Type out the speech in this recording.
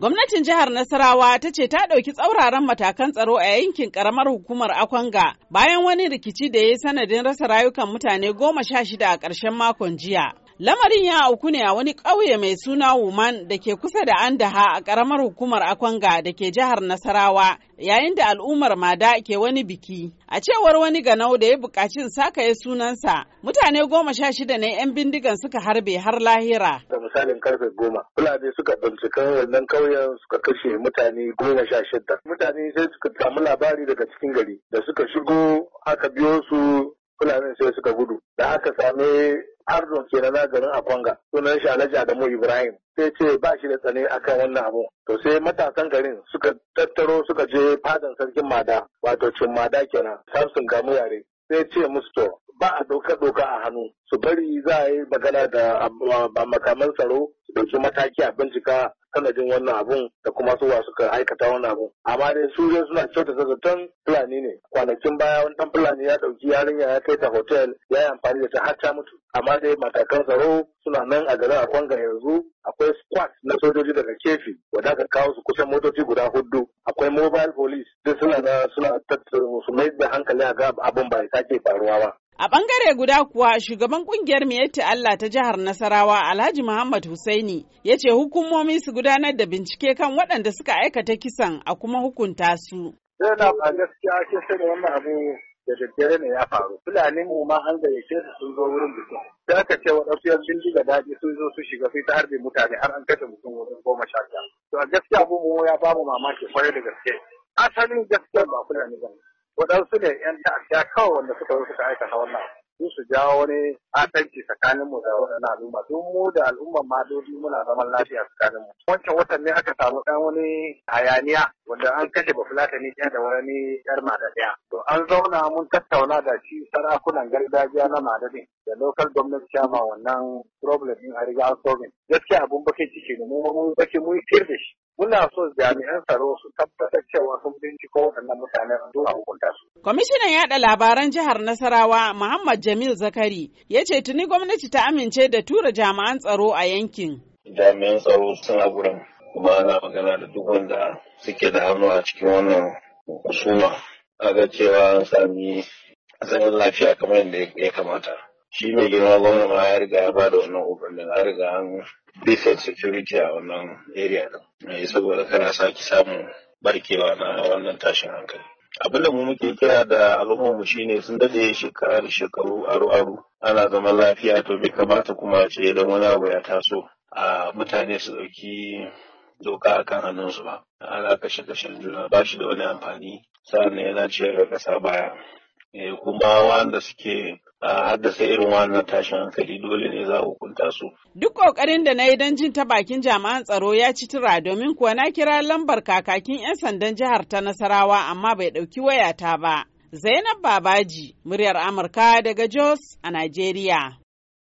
Gwamnatin jihar Nasarawa ta ce ta ɗauki tsauraran matakan tsaro a yankin ƙaramar hukumar Akwanga bayan wani rikici da ya yi sanadin rasa rayukan mutane goma sha shida a ƙarshen makon jiya. Lamarin ya auku ne a wani ƙauye mai suna Wuman da ke kusa da Andaha a ƙaramar hukumar Akwanga da ke jihar Nasarawa yayin da al'ummar Mada ke wani biki. A cewar wani ganau da ya buƙaci sakaye sunansa, mutane goma sha shida ne 'yan bindigan suka harbe har lahira. Da misalin karfe goma, Fulani suka bincika wannan ƙauyen suka kashe mutane goma sha shida. Mutane sai suka samu labari daga cikin gari da suka shigo aka biyo su fulani sai suka gudu. Da aka same arzo kenan na garin akwanga sunan shi alhaji adamu ibrahim sai ce ba shi da tsane akan wannan abu to sai matasan garin suka tattaro suka je fadan sarkin mada wato cin mada kenan samson gamu yare sai ce musu to ba a doka-doka a hannu su bari za a yi magana da makaman tsaro su dauki mataki a bincika sanadin wannan abun da kuma su wa suka aikata wannan abun amma dai su dai suna da zaton fulani ne kwanakin baya wani dan fulani ya dauki yarinya ya kai ta hotel ya yi amfani da ta har ta mutu amma dai matakan tsaro suna nan a garin akwanga yanzu akwai squad na sojoji daga kefi wanda aka kawo su kusan motoci guda hudu akwai mobile police duk suna suna su mai da hankali a ga abin ba ya sake faruwa ba A bangare guda kuwa shugaban kungiyar Miyatti Allah ta jihar Nasarawa Alhaji Muhammad Husaini ya ce hukumomi su gudanar da bincike kan waɗanda suka aikata kisan a kuma hukunta su. Zainab eh, a gaskiya ce sai da wannan abu da daddare ne ya faru. Fulani mu ma an gayyace su sun zo wurin bikin. Da aka ce waɗansu yan bindiga daɗi sun zo su shiga sai ta harbe mutane har an kashe mutum wajen goma sha biyar. To a gaskiya abu mu ya mu mamaki kwarai da gaske. Asalin gaskiya ba Fulani ba ne. waɗansu ne 'yan ta'adda kawai wanda suka zo suka aikata wannan su su jawo wani atanci tsakanin mu da wannan al'umma don mu da al'umma ma dodi muna zaman lafiya tsakanin mu wancan watan ne aka samu dan wani hayaniya wanda an kashe bafulatani ɗaya da wani yar mada ɗaya to an zauna mun tattauna da shi sarakunan gargajiya na madadin da local government chairman wannan problem din a riga an gaskiya abun bakin ciki ne mu mun bakin mun fir da shi muna so jami'an tsaro su tabbatar cewa sun binciko waɗannan mutanen su a hukunta su. Kwamishinan yaɗa labaran jihar Nasarawa Muhammad Jamil Zakari ya ce tuni gwamnati ta amince da tura jami'an tsaro a yankin. Jami'an tsaro sun gurin kuma ana magana da duk wanda suke da hannu a cikin wannan A Aga cewa an sami asalin lafiya kamar yadda ya kamata. Shi mai girma gwamnati ma ya riga ya bada wannan umarnin, a riga an bisa security a wannan area ɗin. Eh, saboda kana sake samun barkewa na wannan tashin hankali abin da mu muke kira da al'ummar mu shine sun dade shekara da shekaru aro aro ana zaman lafiya to bai kamata kuma ce idan wani abu ya taso a mutane su dauki doka akan hannunsu ba ana kashe kashen juna ba shi da wani amfani sa'an yana ciyar da kasa baya eh, kuma wanda suke haddasa irin wannan tashin hankali dole ne za a hukunta su. Duk ƙoƙarin da na yi don jin ta bakin jami'an tsaro ya ci tura domin kuwa na kira lambar kakakin 'yan sandan jihar ta Nasarawa amma bai ɗauki wayata ba. Zainab Babaji, muryar Amurka daga Jos a Najeriya.